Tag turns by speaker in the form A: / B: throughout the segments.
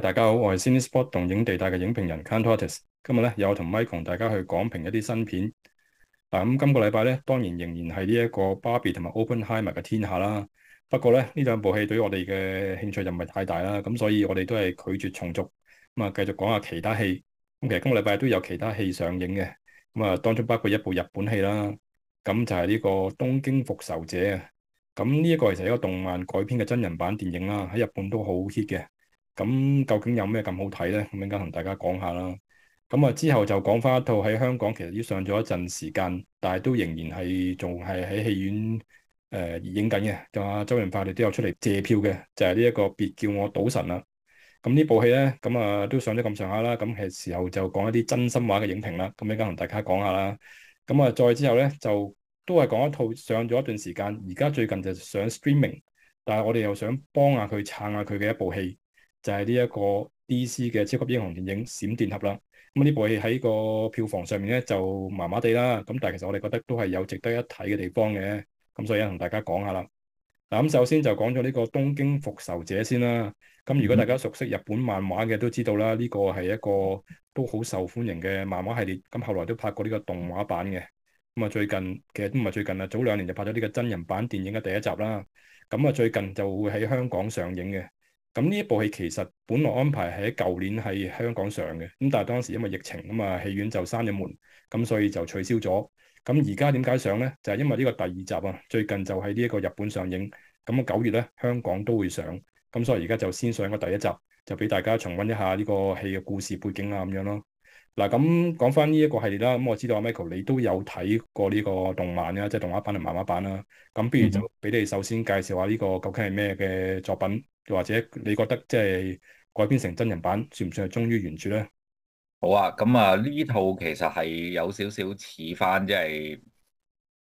A: 大家好，我係 Cinespot 動映地帶嘅影評人 Kantorates。今日咧有同 Michael 同大家去講評一啲新片。嗱，咁今個禮拜咧當然仍然係呢一個 Barbie 同埋 Oppenheimer 嘅天下啦。不過咧呢兩部戲對於我哋嘅興趣就唔係太大啦。咁所以，我哋都係拒絕重複，咁啊繼續講下其他戲。咁其實今個禮拜都有其他戲上映嘅。咁啊，當中包括一部日本戲啦。咁就係呢、呢個《東京復仇者》啊。咁呢一個其實係一個動漫改編嘅真人版電影啦，喺日本都好 hit 嘅。咁究竟有咩咁好睇呢？咁應該同大家講下啦。咁啊，之後就講翻一套喺香港其實已經上咗一陣時間，但係都仍然係仲係喺戲院誒影緊嘅。就啊，周潤發佢都有出嚟借票嘅，就係呢一個別叫我賭神啊。咁呢部戲呢，咁啊都上咗咁上下啦。咁係時候就講一啲真心話嘅影評啦。咁應該同大家講下啦。咁啊，再之後呢，就都係講一套上咗一段時間，而家最近就上 streaming，但係我哋又想幫下佢撐下佢嘅一部戲。就係呢一個 DC 嘅超級英雄電影《閃電俠》啦。咁呢部戲喺個票房上面咧就麻麻地啦。咁但係其實我哋覺得都係有值得一睇嘅地方嘅。咁所以同大家講下啦。嗱咁首先就講咗呢個《東京復仇者》先啦。咁如果大家熟悉日本漫畫嘅都知道啦，呢個係一個都好受歡迎嘅漫畫系列。咁後來都拍過呢個動畫版嘅。咁啊，最近其實都唔係最近啦，早兩年就拍咗呢個真人版電影嘅第一集啦。咁啊，最近就會喺香港上映嘅。咁呢一部戲其實本來安排喺舊年喺香港上嘅，咁但係當時因為疫情啊嘛，戲院就閂咗門，咁所以就取消咗。咁而家點解上呢？就係因為呢個第二集啊，最近就喺呢一個日本上映，咁九月咧香港都會上，咁所以而家就先上個第一集，就俾大家重溫一下呢個戲嘅故事背景啊咁樣咯。嗱，咁講翻呢一個系列啦。咁我知道 Michael 你都有睇過呢個動漫啦，即係動畫版同漫畫版啦。咁，不如就俾你首先介紹下呢個究竟係咩嘅作品，或者你覺得即係改編成真人版算唔算係忠於原著咧？
B: 好啊，咁啊，呢套其實係有少少似翻即係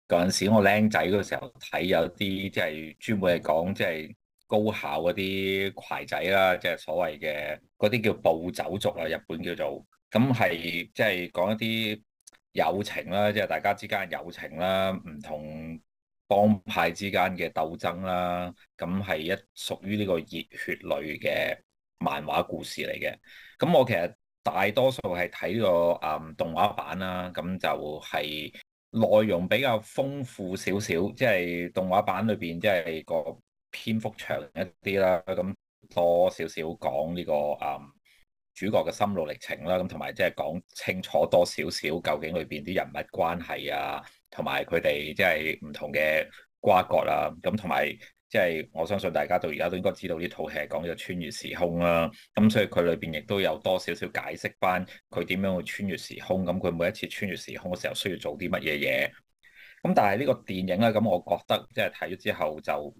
B: 嗰陣時我僆仔嗰時候睇有啲即係專門係講即係高校嗰啲壞仔啦，即係所謂嘅嗰啲叫暴走族啊，日本叫做。咁係即係講一啲友情啦，即係大家之間嘅友情啦，唔同幫派之間嘅鬥爭啦，咁係一屬於呢個熱血類嘅漫畫故事嚟嘅。咁我其實大多數係睇呢個誒，嗯，動畫版啦，咁就係內容比較豐富少少，即係動畫版裏邊即係個篇幅長一啲啦，咁多少少講呢個誒。嗯主角嘅心路歷程啦，咁同埋即係講清楚多少少究竟裏邊啲人物關係啊，同埋佢哋即係唔同嘅瓜葛啦、啊。咁同埋即係我相信大家到而家都應該知道呢套戲係講呢個穿越時空啦、啊。咁所以佢裏邊亦都有多少少解釋返佢點樣去穿越時空，咁佢每一次穿越時空嘅時候需要做啲乜嘢嘢。咁但係呢個電影咧、啊，咁我覺得即係睇咗之後就。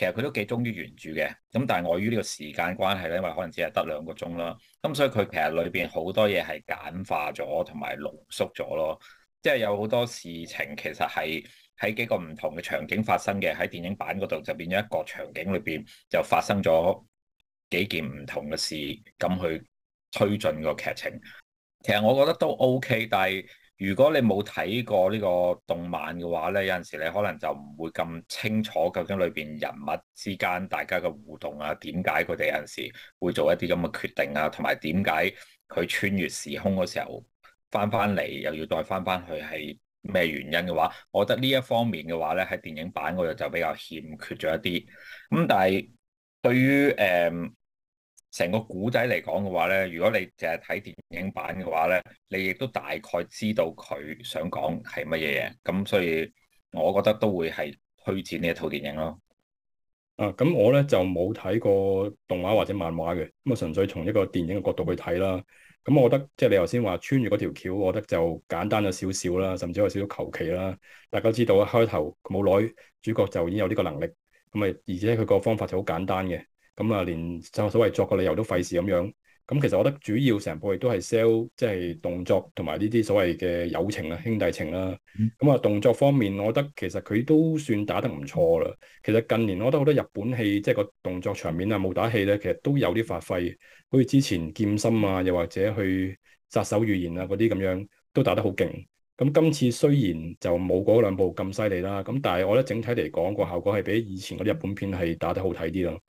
B: 其實佢都幾忠於原著嘅，咁但係礙於呢個時間關係咧，因為可能只係得兩個鐘啦，咁所以佢其實裏邊好多嘢係簡化咗同埋濃縮咗咯，即係有好多事情其實係喺幾個唔同嘅場景發生嘅，喺電影版嗰度就變咗一個場景裏邊就發生咗幾件唔同嘅事，咁去推進個劇情。其實我覺得都 OK，但係。如果你冇睇過呢個動漫嘅話呢，有陣時你可能就唔會咁清楚究竟裏邊人物之間大家嘅互動啊，點解佢哋有陣時會做一啲咁嘅決定啊，同埋點解佢穿越時空嗰時候翻翻嚟又要再翻翻去係咩原因嘅話，我覺得呢一方面嘅話呢，喺電影版嗰度就比較欠缺咗一啲。咁但係對於誒、嗯成個古仔嚟講嘅話咧，如果你淨係睇電影版嘅話咧，你亦都大概知道佢想講係乜嘢嘢。咁所以，我覺得都會係推薦呢一套電影咯。
A: 啊，咁我咧就冇睇過動畫或者漫畫嘅，咁啊純粹從一個電影嘅角度去睇啦。咁我覺得，即係你頭先話穿越嗰條橋，我覺得就簡單咗少少啦，甚至有少少求其啦。大家知道開頭冇耐主角就已經有呢個能力，咁啊而且佢個方法就好簡單嘅。咁啊，連就所謂作個理由都費事咁樣。咁其實我覺得主要成部戲都係 sell，即係動作同埋呢啲所謂嘅友情啊、兄弟情啦。咁啊、嗯，動作方面，我覺得其實佢都算打得唔錯啦。其實近年我覺得好多日本戲，即係個動作場面啊、武打戲咧，其實都有啲發揮。好似之前劍心啊，又或者去殺手預言啊嗰啲咁樣，都打得好勁。咁今次雖然就冇嗰兩部咁犀利啦，咁但係我覺得整體嚟講個效果係比以前啲日本片係打得好睇啲咯。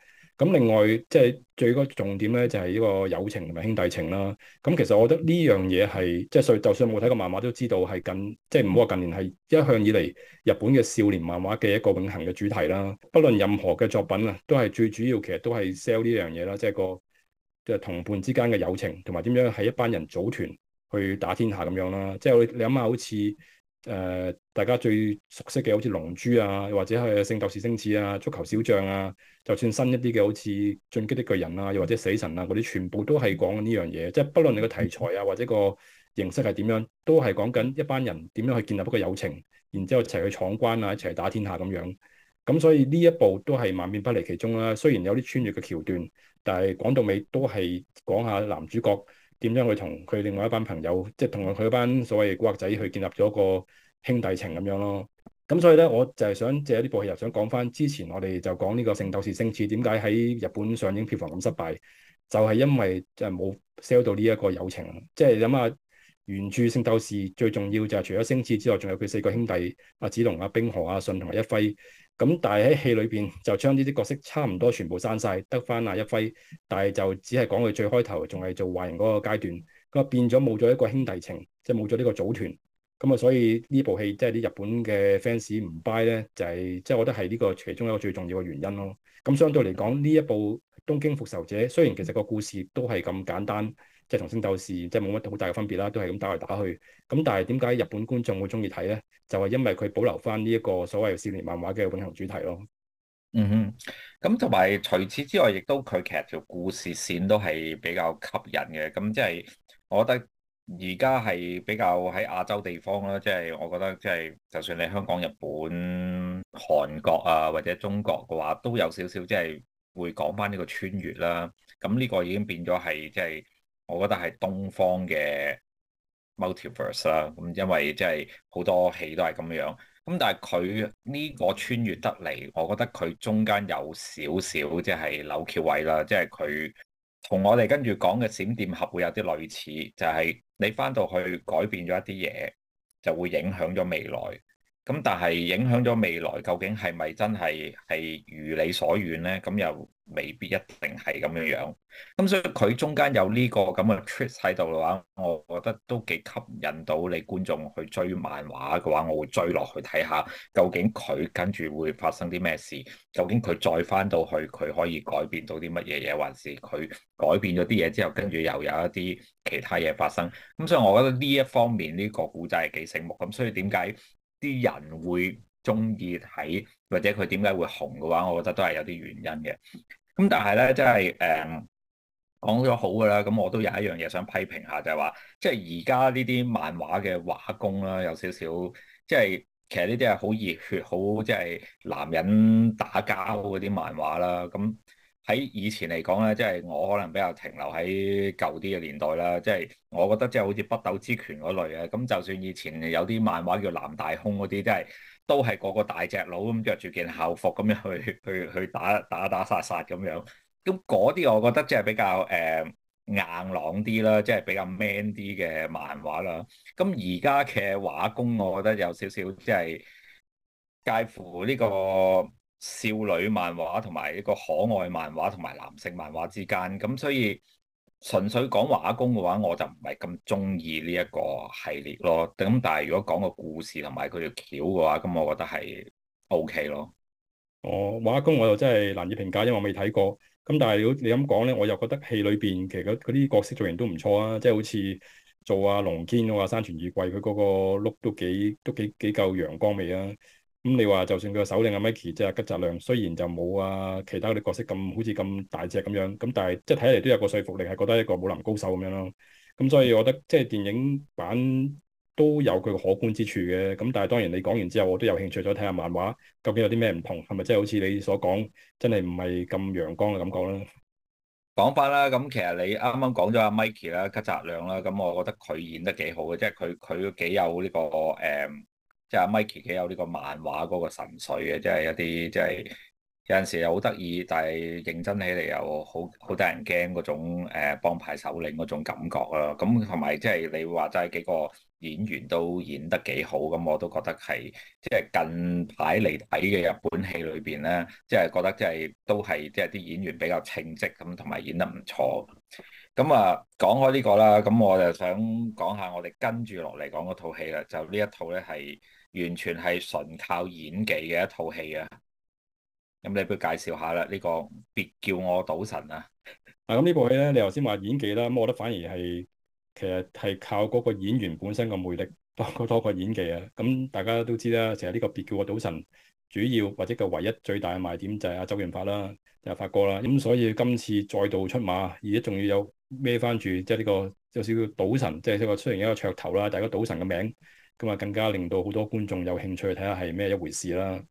A: 咁另外，即係最個重點咧，就係呢個友情同埋兄弟情啦。咁其實我覺得呢樣嘢係即係，就算我冇睇過漫畫都知道係近，即係唔好話近年係一向以嚟日本嘅少年漫畫嘅一個永恆嘅主題啦。不論任何嘅作品啊，都係最主要，其實都係 sell 呢樣嘢啦，即係個即係同伴之間嘅友情，同埋點樣喺一班人組團去打天下咁樣啦。即係你諗下，好似～誒、呃，大家最熟悉嘅好似龍珠啊，又或者係聖鬥士星矢啊、足球小將啊，就算新一啲嘅好似進擊的巨人啊，又或者死神啊嗰啲，全部都係講緊呢樣嘢。即、就、係、是、不論你個題材啊，或者個形式係點樣，都係講緊一班人點樣去建立一個友情，然之後一齊去闖關啊，一齊打天下咁樣。咁所以呢一部都係萬變不離其宗啦。雖然有啲穿越嘅橋段，但係講到尾都係講下男主角。點樣去同佢另外一班朋友，即係同佢嗰班所謂古惑仔，去建立咗一個兄弟情咁樣咯。咁所以咧，我就係想借啲部戲又想講返之前我哋就講呢個《聖鬥士星矢》點解喺日本上映票房咁失敗，就係、是、因為就冇 sell 到呢一個友情。即係諗下原著《聖鬥士》最重要就係除咗星矢之外，仲有佢四個兄弟：阿、啊、紫龍、阿、啊、冰河、阿、啊、信同埋一輝。咁但係喺戲裏邊就將呢啲角色差唔多全部刪晒，得翻賴一輝，但係就只係講佢最開頭仲係做壞人嗰個階段，咁啊變咗冇咗一個兄弟情，即係冇咗呢個組團，咁啊所以呢部戲即係啲日本嘅 fans 唔 buy 咧，就係即係我覺得係呢個其中一個最重要嘅原因咯。咁相對嚟講，呢一部《東京復仇者》雖然其實個故事都係咁簡單。即係同《星鬥士》即係冇乜好大嘅分別啦，都係咁打嚟打去。咁但係點解日本觀眾會中意睇咧？就係、是、因為佢保留翻呢一個所謂少年漫畫嘅永恆主題咯。
B: 嗯哼，
A: 咁同埋除此
B: 之外，亦都佢其實條故事線都係比較吸引嘅。咁即係我覺得而家係比較喺亞洲地方啦。即、就、係、是、我覺得即係，就算你香港、日本、韓國啊，或者中國嘅話，都有少少即係會講翻呢個穿越啦。咁呢個已經變咗係即係。我覺得係東方嘅 multiverse 啦，咁因為即係好多戲都係咁樣，咁但係佢呢個穿越得嚟，我覺得佢中間有少少即係扭翹位啦，即係佢同我哋跟住講嘅閃電俠會有啲類似，就係、是、你翻到去改變咗一啲嘢，就會影響咗未來。咁但係影響咗未來，究竟係咪真係係如你所願呢？咁又未必一定係咁樣樣。咁所以佢中間有呢個咁嘅 trick 喺度嘅話，我覺得都幾吸引到你觀眾去追漫畫嘅話，我會追落去睇下，究竟佢跟住會發生啲咩事？究竟佢再翻到去，佢可以改變到啲乜嘢嘢，還是佢改變咗啲嘢之後，跟住又有一啲其他嘢發生？咁所以，我覺得呢一方面呢個故仔係幾醒目。咁所以點解？啲人會中意睇，或者佢點解會紅嘅話，我覺得都係有啲原因嘅。咁但係咧，即係誒講咗好嘅啦。咁我都有一樣嘢想批評下，就係話，即係而家呢啲漫畫嘅畫工啦，有少少即係其實呢啲係好熱血、好即係男人打交嗰啲漫畫啦。咁喺以前嚟講咧，即係我可能比較停留喺舊啲嘅年代啦。即係我覺得即係好似北斗之拳嗰類咧。咁就算以前有啲漫畫叫南大空嗰啲，即係都係個個大隻佬咁着住件校服咁樣去去去打打打殺殺咁樣。咁嗰啲我覺得即係比較誒硬朗啲啦，即係比較 man 啲嘅漫畫啦。咁而家嘅畫工，我覺得有少少即係介乎呢個。少女漫畫同埋一個可愛漫畫同埋男性漫畫之間，咁所以純粹講畫工嘅話，我就唔係咁中意呢一個系列咯。咁但係如果講個故事同埋佢條橋嘅話，咁我覺
A: 得係 OK 咯。哦，畫工我就真係難以評價，因為我未睇過。咁但係如果你咁講咧，我又覺得戲裏邊其實嗰啲角色造型都唔錯啊，即係好似做阿、啊、龍堅啊、山田裕貴，佢嗰個 look 都幾都幾幾夠陽光味啊！咁、嗯、你話就算佢個首領阿、啊、Mikey 即係吉澤亮，雖然就冇啊其他啲角色咁好似咁大隻咁樣，咁但係即係睇嚟都有個說服力，係覺得一個武林高手咁樣咯。咁、嗯、所以，我覺得即係電影版都有佢嘅可觀之處嘅。咁但係當然你講完之後，我都有興趣再睇下漫畫，究竟有啲咩唔同，係咪即係好似你所講，真係唔係咁陽光嘅感覺咧？講返啦，咁其實你啱啱講咗阿 Mikey 啦，吉澤亮啦，咁我覺
B: 得佢演得幾好嘅，即係佢佢幾有呢、這個誒。嗯即係 Mikey 幾有呢個漫畫嗰個神髓嘅，即係一啲即係有陣時又好得意，但係認真起嚟又好好得人驚嗰種誒幫派首領嗰種感覺啦。咁同埋即係你會話齋幾個演員都演得幾好，咁我都覺得係即係近排嚟睇嘅日本戲裏邊咧，即係覺得即係都係即係啲演員比較稱職咁，同埋演得唔錯。咁啊講開呢個啦，咁我就想講下我哋跟住落嚟講嗰套戲啦，就呢一套咧係。完全係純靠演技嘅一套戲啊！咁你不如介紹下啦，呢個別叫我
A: 賭神啊！啊咁呢部戲咧，你頭先話演技啦，咁我覺得反而係其實係靠嗰個演員本身個魅力多過多過演技啊！咁大家都知啦，成日呢個別叫我賭神，主要或者個唯一最大嘅賣點就係阿周潤發啦，就係發哥啦，咁所以今次再度出馬，而家仲要有孭翻住即係呢個即少少賭神，即係即係雖然一個噱頭啦，但係個賭神嘅名。咁啊，更加令到好多觀眾有興趣睇下係咩一回事啦。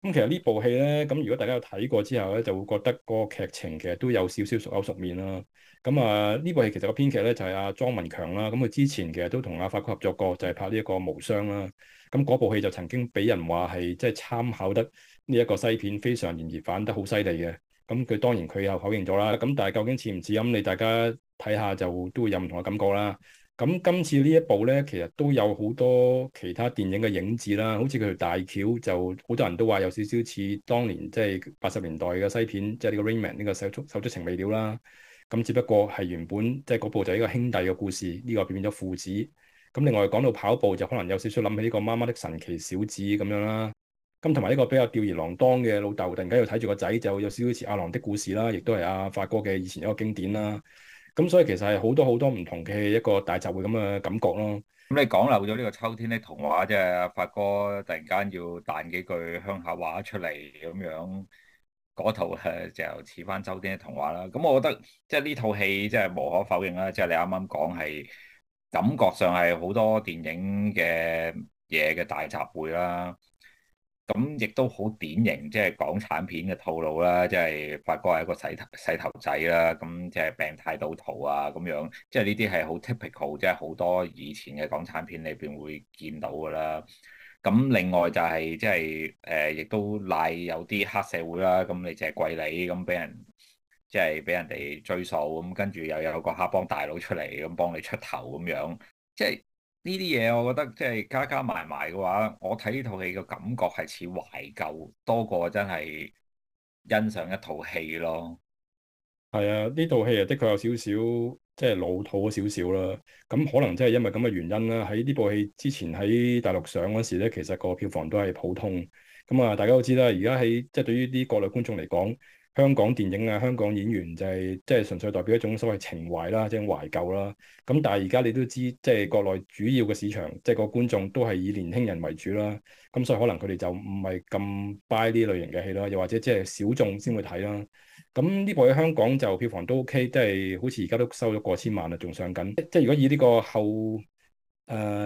A: 咁其實呢部戲咧，咁如果大家有睇過之後咧，就會覺得嗰個劇情其實都有少少熟口熟面啦。咁啊，呢部戲其實個編劇咧就係阿莊文強啦。咁佢之前其實都同阿發哥合作過，就係拍呢一個《無雙》啦。咁嗰部戲就曾經俾人話係即係參考得呢一個西片非常嫌疑犯反得好犀利嘅。咁佢當然佢又否認咗啦。咁但係究竟似唔似咁？你大家睇下就都會有唔同嘅感覺啦。咁今次呢一部咧，其實都有好多其他電影嘅影子啦，好似佢條大橋就好多人都話有少少似當年即係八十年代嘅西片，即係呢個《Rainman》呢個手足手足情未了啦。咁只不過係原本即係嗰部就係一個兄弟嘅故事，呢個變變咗父子。咁另外講到跑步，就可能有少少諗起呢個《媽媽的神奇小子》咁樣啦。咁同埋呢個比較吊兒郎當嘅老豆，突然間要睇住個仔，就有少少似《阿郎的故事》啦，亦都係阿發哥嘅以前一個經典啦。咁所以其實係好多好多唔同嘅一個大集會咁嘅感覺咯。
B: 咁你講漏咗呢個秋天的童話，即係發哥突然間要彈幾句鄉下話出嚟咁樣，嗰套就似翻秋天的童話啦。咁我覺得即係呢套戲即係無可否認啦，即係你啱啱講係感覺上係好多電影嘅嘢嘅大集會啦。咁亦都好典型，即係港產片嘅套路啦，即係發哥係一個洗頭洗頭仔啦，咁即係病態賭徒啊，咁樣即係呢啲係好 typical，即係好多以前嘅港產片裏邊會見到噶啦。咁另外就係即係誒，亦都賴有啲黑社會啦，咁你淨係貴你咁俾人，即係俾人哋追數，咁跟住又有個黑幫大佬出嚟咁幫你出頭咁樣，即係。呢啲嘢，我覺得即係加加埋埋嘅話，我睇呢套戲嘅感覺係似懷舊多過真係欣賞一套戲咯。
A: 係啊，呢套戲啊，的確有少少即係老土少少啦。咁可能真係因為咁嘅原因啦。喺呢部戲之前喺大陸上嗰時咧，其實個票房都係普通。咁啊，大家都知啦，而家喺即係對於啲國內觀眾嚟講。香港電影啊，香港演員就係即係純粹代表一種所謂情懷啦，即係懷舊啦。咁但係而家你都知，即係國內主要嘅市場，即係個觀眾都係以年輕人為主啦。咁所以可能佢哋就唔係咁 buy 呢類型嘅戲啦，又或者即係小眾先會睇啦。咁呢部喺香港就票房都 OK，即係好似而家都收咗過千萬啦，仲上緊。即係如果以呢個後，誒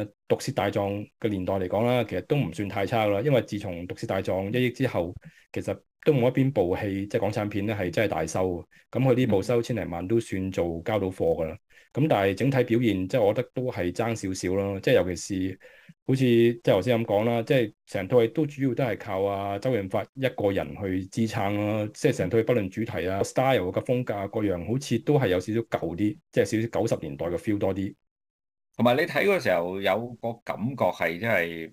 A: 《毒舌大狀》嘅年代嚟講啦，其實都唔算太差啦，因為自從《毒舌大狀》一億之後，其實。都冇一邊部戲即係港產片咧係真係大收喎，咁佢呢部收千零萬都算做交到貨㗎啦。咁但係整體表現即係我覺得都係爭少少咯。即係尤其是好似即係頭先咁講啦，即係成套戲都主要都係靠啊周潤發一個人去支撐啦、啊。即係成套戲不論主題啊、嗯、style 嘅風格啊各樣，好似都係有少少舊啲，即係少少九十年代嘅 feel 多啲。同埋你睇嗰時候有個感覺係真係。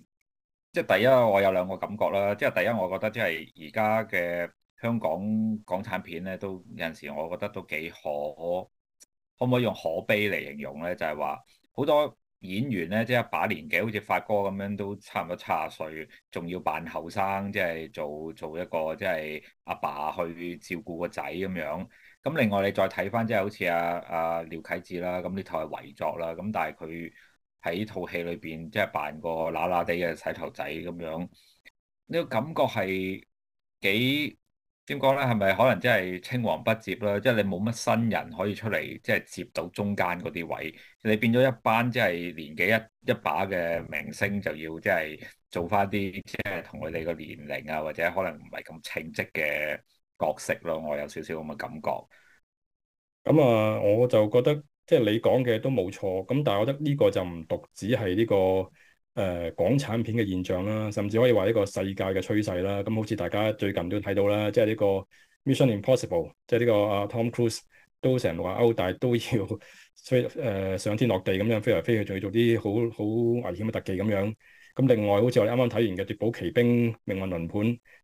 A: 即係第一，我有兩個感
B: 覺啦。即係第一，我覺得即係而家嘅香港港產片咧，都有陣時我覺得都幾可，可唔可以用可悲嚟形容咧？就係話好多演員咧，即係一把年紀，好似發哥咁樣，都差唔多七十歲，仲要扮後生，即係做做一個即係阿爸去照顧個仔咁樣。咁另外你再睇翻、啊，即係好似阿阿廖啟智啦，咁呢套係遺作啦，咁但係佢。喺套戲裏邊，即係扮個嗱嗱地嘅洗頭仔咁樣，呢個感覺係幾點講咧？係咪可能真係青黃不接啦？即係你冇乜新人可以出嚟，即係接到中間嗰啲位，你變咗一班即係年紀一一把嘅明星，就要就即係做翻啲即係同佢哋個年齡啊，或者可能唔係咁稱職嘅角色咯。我有少少咁嘅感覺。
A: 咁啊，我就覺得。即係你講嘅都冇錯，咁但係我覺得呢個就唔獨止係呢、呢個誒、呃、港產片嘅現象啦，甚至可以話呢個世界嘅趨勢啦。咁好似大家最近都睇到啦，即係呢個 Mission Impossible，即係呢、呢個、啊、Tom Cruise 都成日廿歐，但係都要飛誒、呃、上天落地咁樣飛嚟飛去，仲要做啲好好危險嘅特技咁樣。咁另外好似我哋啱啱睇完嘅《奪寶奇兵》、《命運輪盤》，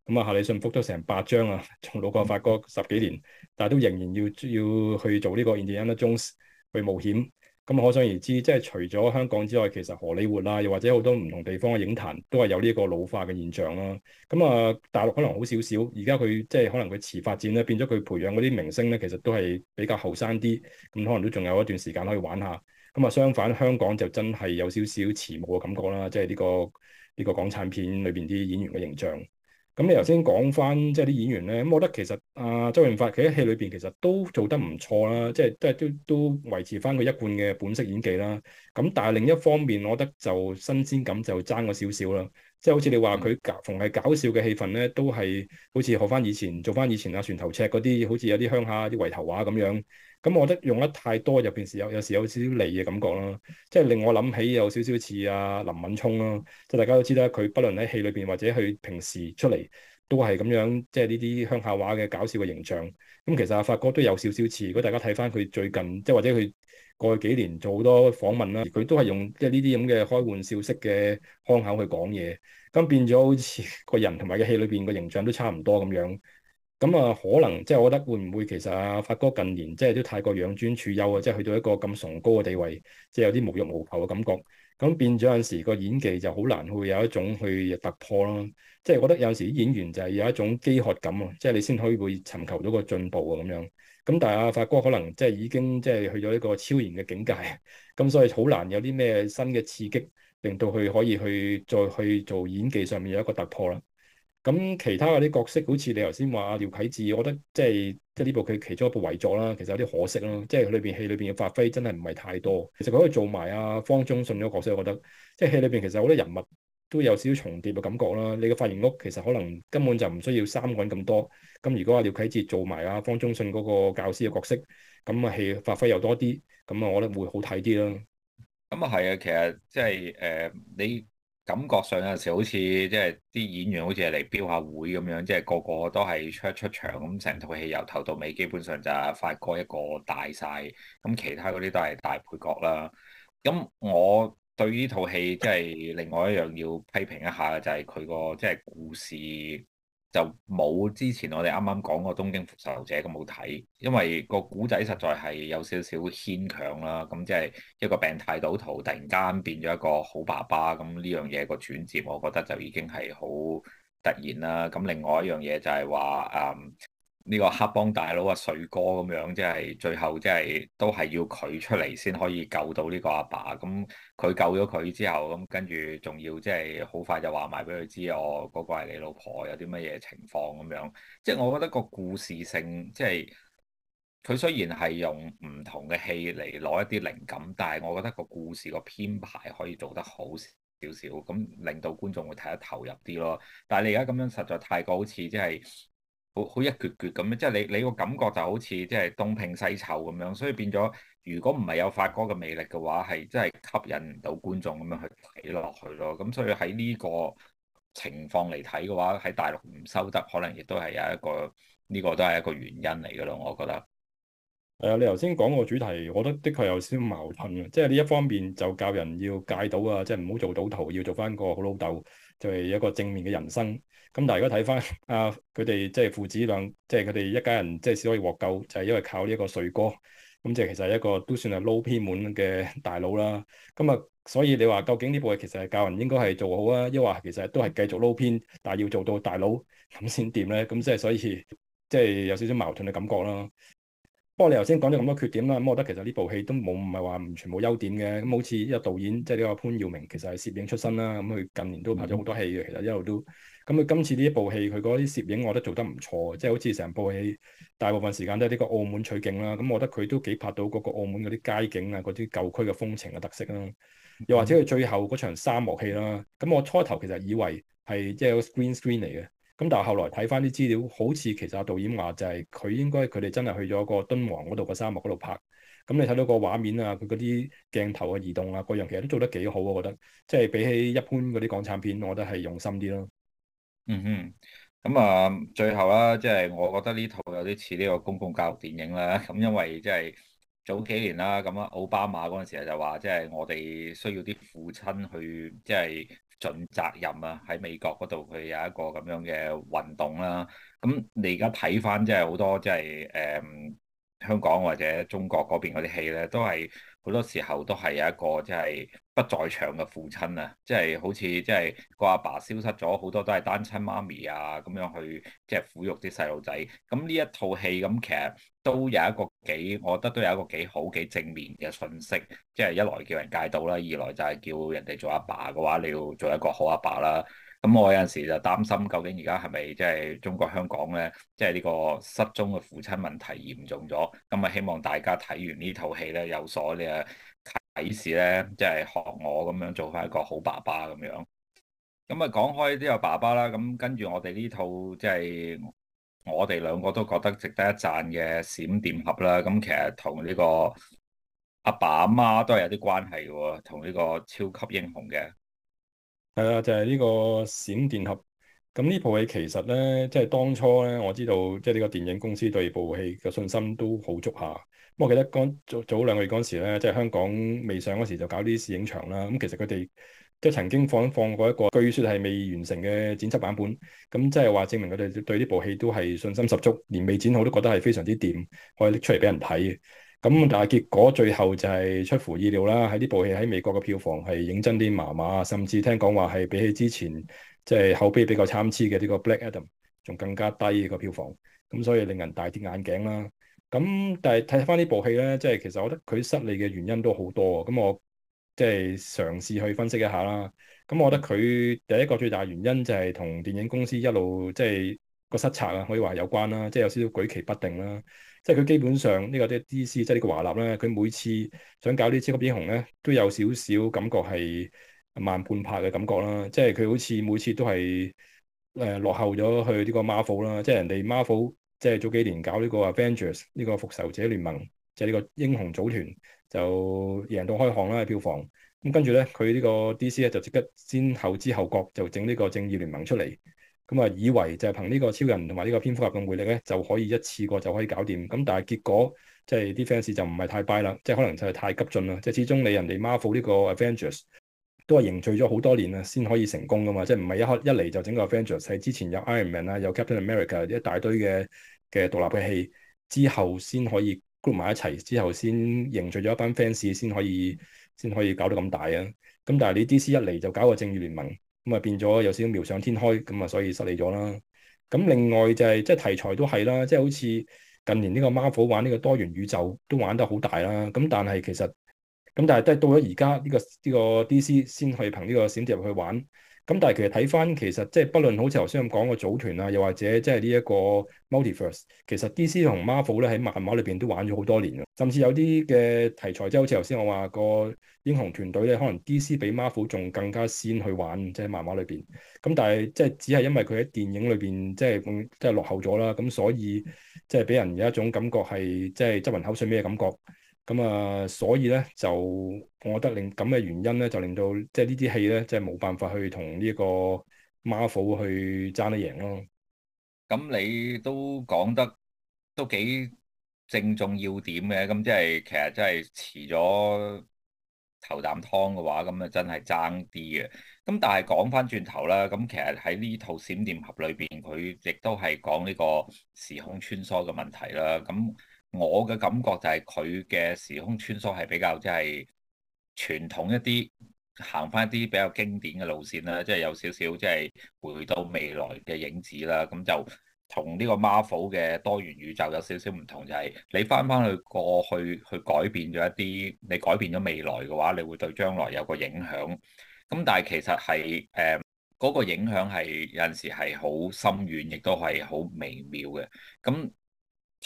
A: 咁啊夏里信福都成八張啊，從老過法國發哥十幾年，但係都仍然要要去做呢個 Indiana Jones。去冒險，咁可想而知，即係除咗香港之外，其實荷里活啦，又或者好多唔同地方嘅影壇，都係有呢個老化嘅現象啦。咁啊，大陸可能好少少，而家佢即係可能佢遲發展咧，變咗佢培養嗰啲明星咧，其實都係比較後生啲，咁可能都仲有一段時間可以玩下。咁啊，相反香港就真係有少少遲暮嘅感覺啦，即係呢個呢個港產片裏邊啲演員嘅形象。咁你頭先講翻即係啲演員咧，咁我覺得其實阿周潤發佢喺戲裏邊其實都做得唔錯啦，即係都係都都維持翻佢一貫嘅本色演技啦。咁但係另一方面，我覺得就新鮮感就爭咗少少啦。即係好似你話佢逢係搞笑嘅氣氛咧，都係好似學翻以前做翻以前阿船頭尺嗰啲，好似有啲鄉下啲圍頭話咁樣。咁我覺得用得太多入邊，時有有時有少少膩嘅感覺囉，即係令我諗起有少少似阿林敏聰囉，即係大家都知啦，佢不論喺戲裏邊或者佢平時出嚟都係咁樣，即係呢啲鄉下話嘅搞笑嘅形象。咁其實阿法哥都有少少似，如果大家睇翻佢最近，即係或者佢過去幾年做好多訪問啦，佢都係用即係呢啲咁嘅開玩笑式嘅腔口去講嘢，咁變咗好似個人同埋個戲裏邊個形象都差唔多咁樣。咁啊、嗯，可能即係我覺得會唔會其實阿發哥近年即係都太過養尊處優啊，即係去到一個咁崇高嘅地位，即係有啲無欲無求嘅感覺，咁變咗有陣時個演技就好難會有一種去突破咯。即係我覺得有陣時演員就係有一種飢渴感啊，即係你先可以會尋求到個進步啊咁樣。咁但係啊，阿發哥可能即係已經即係去咗一個超然嘅境界，咁所以好難有啲咩新嘅刺激令到佢可以去再去做演技上面有一個突破啦。咁其他嗰啲角色，好似你頭先話廖啟智，我覺得即係即係呢部劇其中一部遺作啦，其實有啲可惜咯，即係佢裏邊戲裏邊嘅發揮真係唔係太多。其實佢可以做埋阿、啊、方中信嗰個角色，我覺得即係戲裏邊其實好多人物都有少少重疊嘅感覺啦。你嘅髮型屋其實可能根本就唔需要三個人咁多。咁如果阿、啊、廖啟智做埋阿、啊、方中信嗰個教師嘅角色，咁啊戲發揮又多啲，咁啊我覺得會好睇啲啦。咁啊
B: 係啊，其實即係誒你。感覺上有陣時好似即係
A: 啲演員好
B: 似嚟標下會咁樣，即係個個都係出一出場咁，成套戲由頭到尾基本上就係發哥一個大晒，咁其他嗰啲都係大配角啦。咁我對呢套戲即係另外一樣要批評一下嘅就係佢個即係故事。就冇之前我哋啱啱講過東京復仇者咁好睇，因為個古仔實在係有少少牽強啦。咁即係一個病態賭徒突然間變咗一個好爸爸，咁呢樣嘢個轉折，我覺得就已經係好突然啦。咁另外一樣嘢就係話，嗯、um。呢個黑幫大佬啊，水哥咁樣，即係最後即係都係要佢出嚟先可以救到呢個阿爸。咁佢救咗佢之後，咁跟住仲要即係好快就話埋俾佢知，我嗰個係你老婆，有啲乜嘢情況咁樣。即係我覺得個故事性，即係佢雖然係用唔同嘅戲嚟攞一啲靈感，但係我覺得個故事個編排可以做得好少少，咁令到觀眾會睇得投入啲咯。但係你而家咁樣實在太過好似即係。好好一橛橛咁樣，即係你你個感覺就好似即係東拼西湊咁樣，所以變咗如果唔係有發哥嘅魅力嘅話，係真係吸引唔到觀眾咁樣去睇落去咯。咁所以喺呢個情況嚟睇嘅話，喺大陸唔收得，可能亦都係有一個呢、這個都係一個原因嚟㗎咯。我覺得
A: 係、呃、你頭先講個主題，我覺得的確有少少矛盾啊。即係呢一方面就教人要戒賭啊，即係唔好做賭徒，要做翻個好老豆。就係一個正面嘅人生，咁但係如果睇翻啊佢哋即係父子兩，即係佢哋一家人，即係先可以獲救，就係、是、因為靠呢一個帥哥，咁即係其實係一個都算係撈偏門嘅大佬啦。咁啊，所以你話究竟呢部戲其實係教人應該係做好啊，抑或其實都係繼續撈偏，pin，但係要做到大佬咁先掂咧？咁即係所以即係、就是、有少少矛盾嘅感覺咯。不過你頭先講咗咁多缺點啦，咁我覺得其實呢部戲都冇唔係話唔全部優點完全冇優點嘅，咁好似有導演即係呢個潘耀明，其實係攝影出身啦，咁佢近年都拍咗好多戲嘅，其實一路都，咁佢今次呢一部戲佢嗰啲攝影我覺得做得唔錯，即係好似成部戲大部分時間都喺呢個澳門取景啦，咁我覺得佢都幾拍到嗰個澳門嗰啲街景啊、嗰啲舊區嘅風情嘅特色啦，又或者佢最後嗰場沙漠戲啦，咁我初頭其實以為係即係 screen screen 嚟嘅。咁但係後來睇翻啲資料，好似其實阿導演話就係佢應該佢哋真係去咗個敦煌嗰度個沙漠嗰度拍。咁你睇到個畫面啊，佢嗰啲鏡頭嘅移動啊，嗰樣其實都做得幾好，我覺得即係比起一般嗰啲港產片，我覺得係用心啲咯。嗯哼，
B: 咁啊，最後啦，即係我覺得呢套有啲似呢個公共教育電影啦。咁因為即係早幾年啦，咁啊奧巴馬嗰陣時候就話，即係我哋需要啲父親去，即係。准責任啊。喺美國嗰度佢有一個咁樣嘅運動啦、啊，咁你而家睇返即係好多即係誒香港或者中國嗰邊嗰啲戲咧，都係。好多時候都係有一個即係不在場嘅父親啊，即係好似即係個阿爸消失咗，好多都係單親媽咪啊，咁樣去即係撫育啲細路仔。咁呢一套戲咁其實都有一個幾，我覺得都有一個幾好幾正面嘅信息，即係一來叫人戒到啦，二來就係叫人哋做阿爸嘅話，你要做一個好阿爸啦。咁我有陣時就擔心，究竟而家係咪即係中國香港咧，即係呢個失蹤嘅父親問題嚴重咗？咁啊，希望大家睇完呢套戲咧，有所啲啊啟示咧，即係學我咁樣做翻一個好爸爸咁樣。咁啊，講開呢個爸爸啦。咁跟住我哋呢套即係我哋兩個都覺得值得一讚嘅閃電俠啦。咁其實同呢個阿爸阿媽都係有啲關係嘅，同呢個超級英雄嘅。
A: 係啊、嗯，就係、是、呢個閃電俠，咁呢部戲其實咧，即係當初咧，我知道即係呢個電影公司對部戲嘅信心都好足下。咁我記得剛早早兩個月嗰陣時咧，即係香港未上嗰時就搞啲試映場啦。咁、嗯、其實佢哋即係曾經放放過一個據說係未完成嘅剪輯版本，咁、嗯、即係話證明佢哋對呢部戲都係信心十足，連未剪好都覺得係非常之掂，可以拎出嚟俾人睇嘅。咁但係結果最後就係出乎意料啦，喺呢部戲喺美國嘅票房係認真啲麻麻，甚至聽講話係比起之前即係口碑比較參差嘅呢個《Black Adam》仲更加低嘅個票房，咁所以令人大跌眼鏡啦。咁但係睇返呢部戲咧，即係其實我覺得佢失利嘅原因都好多。咁我即係嘗試去分析一下啦。咁我覺得佢第一個最大原因就係同電影公司一路即係個失策啊，可以話有關啦，即係有少少舉棋不定啦。即係佢基本上呢個 DC，呢個啲呢個啲 D.C. 即係呢個華納咧，佢每次想搞啲超級英雄咧，都有少少感覺係慢半拍嘅感覺啦。即係佢好似每次都係誒、呃、落後咗去呢個 Marvel 啦。即係人哋 Marvel 即係早幾年搞呢個 Avengers 呢個復仇者聯盟，即係呢個英雄組團就贏到開行啦票房。咁跟住咧，佢呢個 D.C. 咧就即刻先後知後覺就整呢個正義聯盟出嚟。咁啊，以為就係憑呢個超人同埋呢個蝙蝠俠嘅魅力咧，就可以一次過就可以搞掂。咁但係結果，即係啲 fans 就唔係太 buy 啦，即係可能就係太急進啦。即係始終你人哋 Marvel 呢個 Avengers 都係凝聚咗好多年啊，先可以成功噶嘛。即係唔係一開一嚟就整個 Avengers，係之前有 Iron Man 啊，有 Captain America，一大堆嘅嘅獨立嘅戲之後先可以 group 埋一齊，之後先凝聚咗一班 fans 先可以先可以搞到咁大啊。咁但係你 DC 一嚟就搞個正義聯盟。咁啊，變咗有少少妙想天開，咁啊，所以失利咗啦。咁另外就係、係、即係題材都係啦，即係好似近年呢個 Marvel 玩呢個多元宇宙都玩得好大啦。咁但係其實，咁但係都係到咗而家呢個呢、呢個 DC 先去憑呢個閃電入去玩。咁、嗯、但係其實睇返，其實即係不論好似頭先咁講個組團啊，又或者即係呢一個 Multiverse，其實 DC 同 Marvel 咧喺漫畫裏邊都玩咗好多年啊。甚至有啲嘅題材，即係好似頭先我話個英雄團隊咧，可能 DC 比 Marvel 仲更加先去玩，即係漫畫裏邊。咁但係即係只係因為佢喺電影裏邊即係即係落後咗啦，咁、嗯、所以即係俾人有一種感覺係即係執人口水咩感覺？咁啊、嗯，所以咧就，我覺得令咁嘅原因咧，就令到即係、就是、呢啲戲咧，即係冇辦法去同呢個 Marvel 去爭得贏咯。
B: 咁你都講得都幾正中要點嘅，咁即係其實真係遲咗頭啖湯嘅話，咁啊真係爭啲嘅。咁但係講翻轉頭啦，咁其實喺呢套閃電俠裏邊，佢亦都係講呢個時空穿梭嘅問題啦。咁我嘅感覺就係佢嘅時空穿梭係比較即係傳統一啲，行翻一啲比較經典嘅路線啦，即係有少少即係回到未來嘅影子啦。咁就同呢個 Marvel 嘅多元宇宙有少少唔同，就係你翻翻去過去去改變咗一啲，你改變咗未來嘅話，你會對將來有個影響。咁但係其實係誒嗰個影響係有陣時係好深遠，亦都係好微妙嘅。咁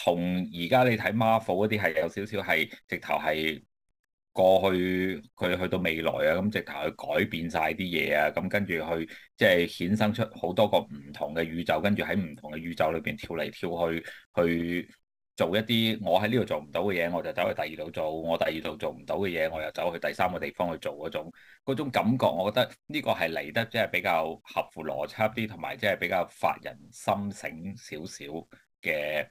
B: 同而家你睇 Marvel 嗰啲係有少少係直頭係過去，佢去到未來啊，咁直頭去改變晒啲嘢啊，咁跟住去即係、就是、衍生出好多個唔同嘅宇宙，跟住喺唔同嘅宇宙裏邊跳嚟跳去，去做一啲我喺呢度做唔到嘅嘢，我就走去第二度做，我第二度做唔到嘅嘢，我又走去第三個地方去做嗰種嗰種感覺，我覺得呢個係嚟得即係比較合乎邏輯啲，同埋即係比較發人深省少少嘅。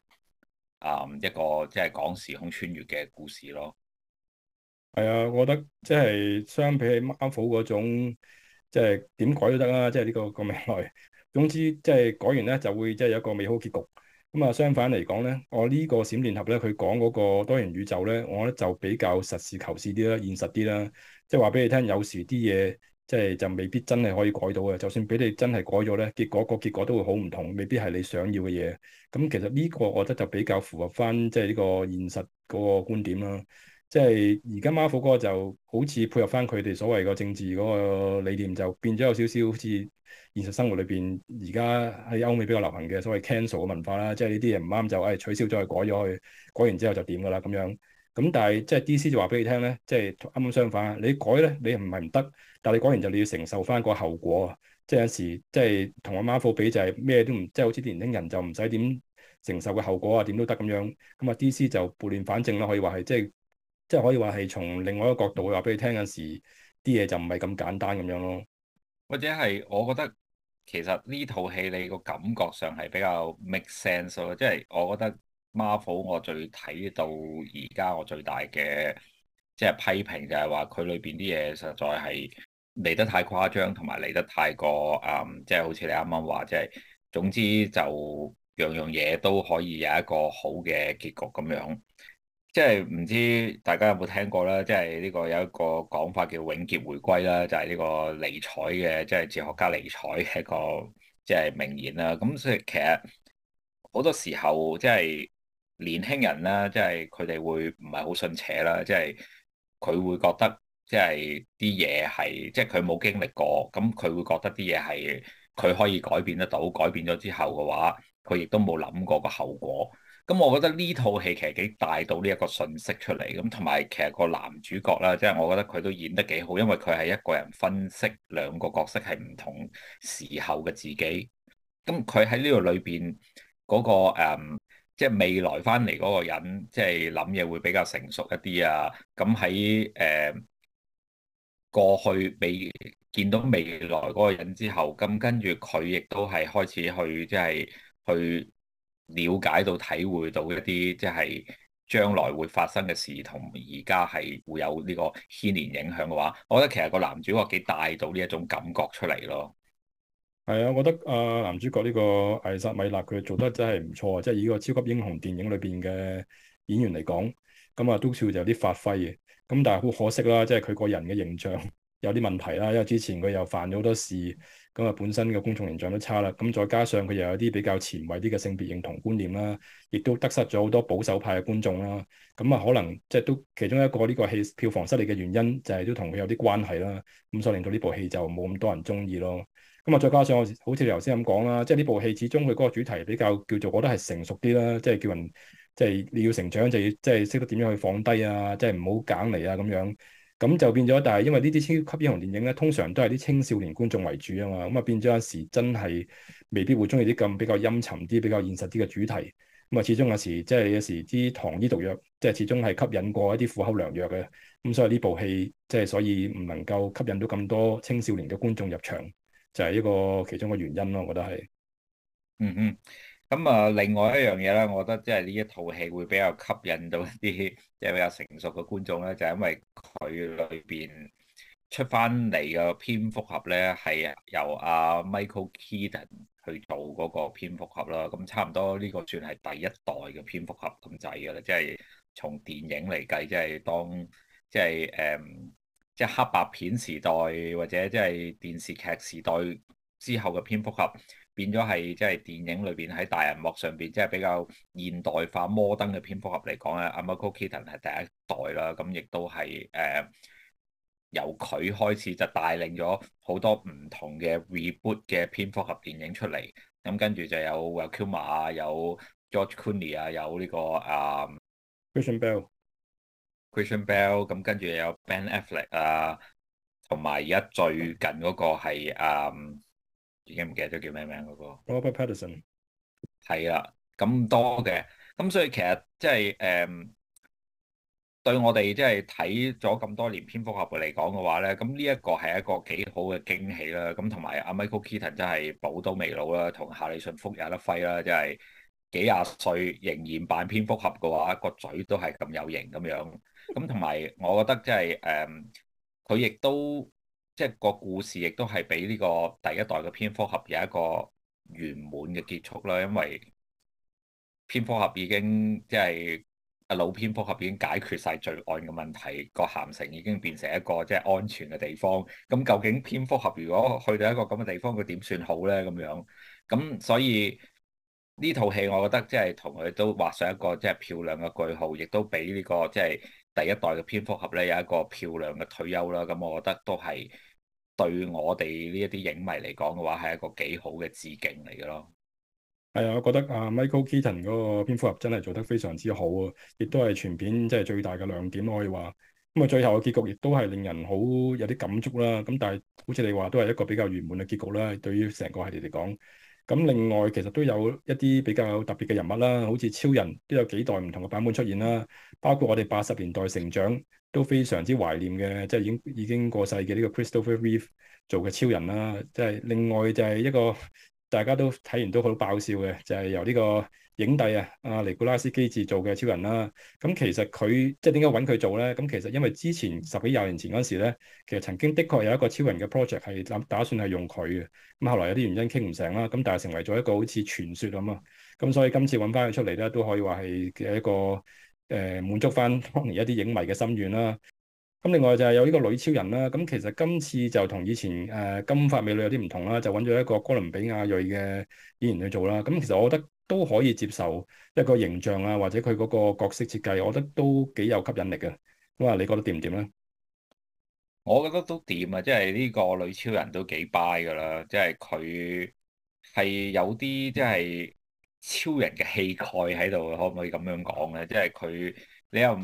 B: 啊，um, 一個即係講時空穿越嘅故事咯。
A: 係啊，我覺得即係相比起 Marvel 嗰種，即係點改都得啦，即係呢、這個個未來。總之，即係改完咧就會即係有一個美好結局。咁啊，相反嚟講咧，我個閃呢個閃電俠咧，佢講嗰個多元宇宙咧，我覺得就比較實事求是啲啦，現實啲啦。即係話俾你聽，有時啲嘢。即係就未必真係可以改到嘅，就算俾你真係改咗咧，結果個結果都會好唔同，未必係你想要嘅嘢。咁、嗯、其實呢個我覺得就比較符合翻即係呢個現實嗰個觀點啦。即係而家 Marvel 哥就好似配合翻佢哋所謂個政治嗰個理念，就變咗有少少好似現實生活裏邊而家喺歐美比較流行嘅所謂 cancel 嘅文化啦。即係呢啲嘢唔啱就誒、哎、取消咗佢，改咗佢，改完之後就點㗎啦咁樣。咁但係即係 DC 就話俾你聽咧，即係啱啱相反，你改咧你唔係唔得，但係你改完就你要承受翻個後果啊！即係有時即係同阿媽父比就係咩都唔即係，好似啲年輕人就唔使點承受嘅後果啊，點都得咁樣。咁啊 DC 就撥亂反正啦，可以話係即係即係可以話係從另外一個角度去話俾你聽，有時啲嘢就唔係咁簡單咁樣咯。
B: 或者係我覺得其實呢套戲你個感覺上係比較 make sense 咯，即係我覺得。m a r 我最睇到而家我最大嘅即係批評就係話佢裏邊啲嘢，實在係嚟得太誇張，同埋嚟得太過嗯，即、就、係、是、好似你啱啱話，即、就、係、是、總之就樣樣嘢都可以有一個好嘅結局咁樣。即係唔知大家有冇聽過啦，即係呢個有一個講法叫永劫回歸啦，就係、是、呢個尼采嘅，即係哲學家尼采嘅一個即係、就是、名言啦。咁所以其實好多時候即係。年輕人啦，即係佢哋會唔係好信邪啦，即係佢會覺得即係啲嘢係，即係佢冇經歷過，咁佢會覺得啲嘢係佢可以改變得到，改變咗之後嘅話，佢亦都冇諗過個後果。咁我覺得呢套戲其實幾帶到呢一個信息出嚟，咁同埋其實個男主角啦，即係我覺得佢都演得幾好，因為佢係一個人分析兩個角色係唔同時候嘅自己。咁佢喺呢個裏邊嗰個、um, 即係未來翻嚟嗰個人，即係諗嘢會比較成熟一啲啊。咁喺誒過去未見到未來嗰個人之後，咁跟住佢亦都係開始去即係、就是、去了解到、體會到一啲即係將來會發生嘅事，同而家係會有呢個牽連影響嘅話，我覺得其實個男主角幾帶到呢一種感覺出嚟咯。
A: 係啊，我覺得啊、呃，男主角呢個艾薩米勒佢做得真係唔錯，即係以呢個超級英雄電影裏邊嘅演員嚟講，咁、嗯、啊都笑就有啲發揮嘅，咁、嗯、但係好可惜啦，即係佢個人嘅形象有啲問題啦，因為之前佢又犯咗好多事，咁、嗯、啊本身嘅公眾形象都差啦，咁、嗯、再加上佢又有啲比較前衛啲嘅性別認同觀念啦，亦都得失咗好多保守派嘅觀眾啦，咁、嗯、啊、嗯、可能即係都其中一個呢個戲票房失利嘅原因就係都同佢有啲關係啦，咁、嗯、所以令到呢部戲就冇咁多人中意咯。咁啊！再加上我好似你頭先咁講啦，即係呢部戲始終佢嗰個主題比較叫做，我覺得係成熟啲啦。即係叫人，即係你要成長就要即係識得點樣去放低啊，即係唔好揀嚟啊咁樣。咁就變咗，但係因為呢啲超級英雄電影咧，通常都係啲青少年觀眾為主啊嘛。咁啊，變咗有時真係未必會中意啲咁比較陰沉啲、比較現實啲嘅主題。咁啊，始終有時即係有時啲糖衣毒藥，即係始終係吸引過一啲苦口良藥嘅。咁所以呢部戲即係所以唔能夠吸引到咁多青少年嘅觀眾入場。就係呢個其中嘅原因咯，我覺得係。嗯嗯，
B: 咁啊，另外一樣嘢咧，我覺得即係呢一套戲會比較吸引到一啲即係比較成熟嘅觀眾咧，就係、是、因為佢裏邊出翻嚟嘅蝙蝠俠咧，係由阿、啊、Michael Keaton 去做嗰個蝙蝠俠啦。咁差唔多呢個算係第一代嘅蝙蝠俠咁滯㗎喇，即、就、係、是、從電影嚟計，即、就、係、是、當即係誒。就是 um, 即係黑白片時代，或者即係電視劇時代之後嘅蝙蝠俠，變咗係即係電影裏邊喺大銀幕上邊，即係比較現代化、摩登嘅蝙蝠俠嚟講咧，阿 Michael Keaton 係第一代啦。咁、嗯、亦都係誒、呃、由佢開始就帶領咗好多唔同嘅 reboot 嘅蝙蝠俠電影出嚟。咁跟住就有 Val Kilmer 啊，有 George Clooney 啊，有呢、這個啊
A: Christian Bale。
B: Christian Bale 咁跟住有 Ben Affleck 啊，同埋而家最近嗰個係、啊、已經唔記得咗叫咩名嗰、嗰
A: 個 Robert Pattinson，
B: 係啊，咁多嘅，咁所以其實即係誒對我哋即係睇咗咁多年蝙蝠俠嚟講嘅話咧，咁呢一個係一個幾好嘅驚喜啦。咁同埋阿 Michael Keaton 真係寶刀未老啦，同夏利順福有得揮啦，即係幾廿歲仍然扮蝙蝠俠嘅話，個嘴都係咁有型咁樣。咁同埋，我覺得即係誒，佢、嗯、亦都即係、就是、個故事，亦都係俾呢個第一代嘅蝙蝠俠有一個圓滿嘅結束啦。因為蝙蝠俠已經即係啊老蝙蝠俠已經解決晒罪案嘅問題，個鹹城已經變成一個即係安全嘅地方。咁究竟蝙蝠俠如果去到一個咁嘅地方，佢點算好咧？咁樣咁，所以呢套戲，我覺得即係同佢都畫上一個即係漂亮嘅句號，亦都俾呢個即係第一代嘅蝙蝠俠咧，有一個漂亮嘅退休啦，咁、嗯、我覺得都係對我哋呢一啲影迷嚟講嘅話係一個幾好嘅致敬嚟嘅咯。
A: 係啊，我覺得阿 Michael Keaton 嗰個蝙蝠俠真係做得非常之好啊，亦都係全片即係最大嘅亮點可以話。咁啊，最後嘅結局亦都係令人有好有啲感觸啦。咁但係好似你話都係一個比較圓滿嘅結局啦，對於成個系列嚟講。咁另外其實都有一啲比較特別嘅人物啦，好似超人都有幾代唔同嘅版本出現啦，包括我哋八十年代成長都非常之懷念嘅，即係已經已經過世嘅呢個 Christopher Reeve 做嘅超人啦，即係另外就係一個大家都睇完都好爆笑嘅，就係由呢個，影帝啊，阿尼古拉斯基治做嘅超人啦、啊，咁、嗯、其實佢即係點解揾佢做咧？咁、嗯、其實因為之前十幾廿年前嗰陣時咧，其實曾經的確有一個超人嘅 project 係諗打算係用佢嘅，咁、嗯、後來有啲原因傾唔成啦，咁但係成為咗一個好似傳說咁啊，咁、嗯、所以今次揾翻佢出嚟咧，都可以話係嘅一個誒滿、呃、足翻當年一啲影迷嘅心願啦。咁、嗯、另外就係有呢個女超人啦、啊，咁、嗯、其實今次就同以前誒、呃、金髮美女有啲唔同啦，就揾咗一個哥倫比亞裔嘅演員去做啦。咁、嗯、其實我覺得。都可以接受一個形象啊，或者佢嗰個角色設計，我覺得都幾有吸引力嘅。咁啊，你覺得掂唔掂咧？
B: 我覺得都掂啊，即係呢個女超人都幾 by 㗎啦，即係佢係有啲即係超人嘅氣概喺度，可唔可以咁樣講咧？即係佢你又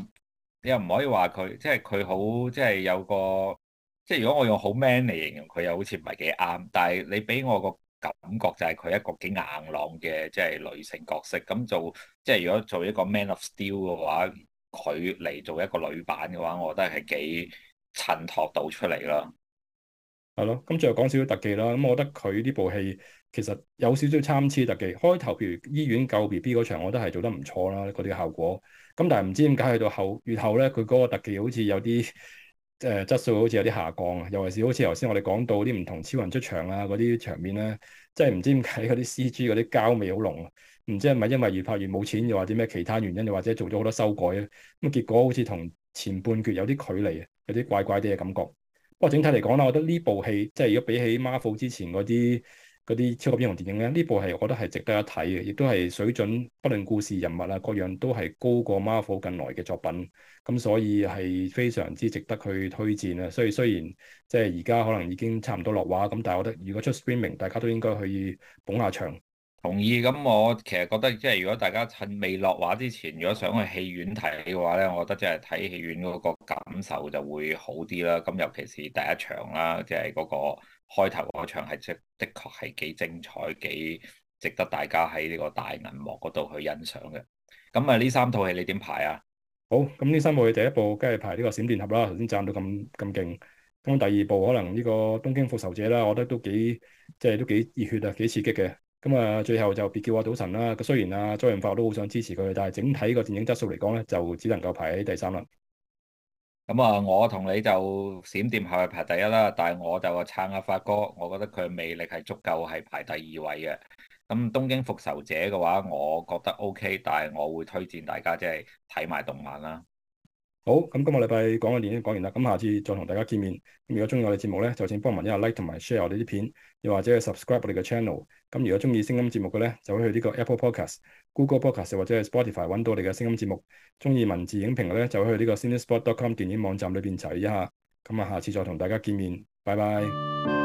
B: 你又唔可以話佢，即係佢好即係、即係、有個即係、即係、如果我用好 man 嚟形容佢，又好似唔係幾啱。但係你俾我個感覺就係佢一個幾硬朗嘅，即係女性角色。咁做即係如果做一個 Man of Steel 嘅話，佢嚟做一個女版嘅話，我覺得係幾襯托到出嚟啦。
A: 係咯，咁再講少少特技啦。咁我覺得佢呢部戲其實有少少參差特技。開頭譬如醫院救 BB 嗰場，我都係做得唔錯啦，嗰啲效果。咁但係唔知點解去到後月後咧，佢嗰個特技好似有啲。誒、呃、質素好似有啲下降啊，尤其是好似頭先我哋講到啲唔同超人出場啊，嗰啲場面咧，即係唔知點解嗰啲 CG 嗰啲膠味好濃，啊，唔知係咪因為越拍越冇錢，又或者咩其他原因，又或者做咗好多修改咧，咁啊結果好似同前半橛有啲距離啊，有啲怪怪哋嘅感覺。不過整體嚟講啦，我覺得呢部戲即係如果比起 Marvel 之前嗰啲。嗰啲超級英雄電影咧，呢部係我覺得係值得一睇嘅，亦都係水準，不論故事人物啊各樣都係高過 Marvel 近來嘅作品，咁所以係非常之值得去推薦啊！所以雖然即係而家可能已經差唔多落畫，咁但係我覺得如果出 streaming，大家都應該去捧下場。
B: 同意，咁我其實覺得，即係如果大家趁未落畫之前，如果想去戲院睇嘅話咧，我覺得即係睇戲院嗰個感受就會好啲啦。咁尤其是第一場啦，即係嗰個開頭嗰場係即的確係幾精彩，幾值得大家喺呢個大銀幕嗰度去欣賞嘅。咁啊，呢三套戲你點排啊？
A: 好，咁呢三部戲第一部梗係排呢個閃電俠啦，頭先讚到咁咁勁。咁第二部可能呢個東京復仇者啦，我覺得都幾即係都幾熱血啊，幾刺激嘅。咁啊，最後就別叫我、啊、賭神啦。個雖然啊，周潤發都好想支持佢，但係整體個電影質素嚟講咧，就只能夠排喺第三啦。
B: 咁啊，我同你就閃電係排第一啦，但係我就話撐阿發哥，我覺得佢魅力係足夠係排第二位嘅。咁東京復仇者嘅話，我覺得 OK，但係我會推薦大家即係睇埋動漫
A: 啦。好，咁今日禮拜講嘅電影講完啦，咁下次再同大家見面。咁如果中意我哋節目咧，就請幫埋一下 like 同埋 share 我哋啲片，又或者 subscribe 我哋嘅 channel。咁如果中意聲音節目嘅咧，就會去呢個 Apple Podcast、Google Podcast 或者係 Spotify 搵到我哋嘅聲音節目。中意文字影評嘅咧，就會去呢個 simonspot.com 電影網站裏邊睇一下。咁啊，下次再同大家見面，拜拜。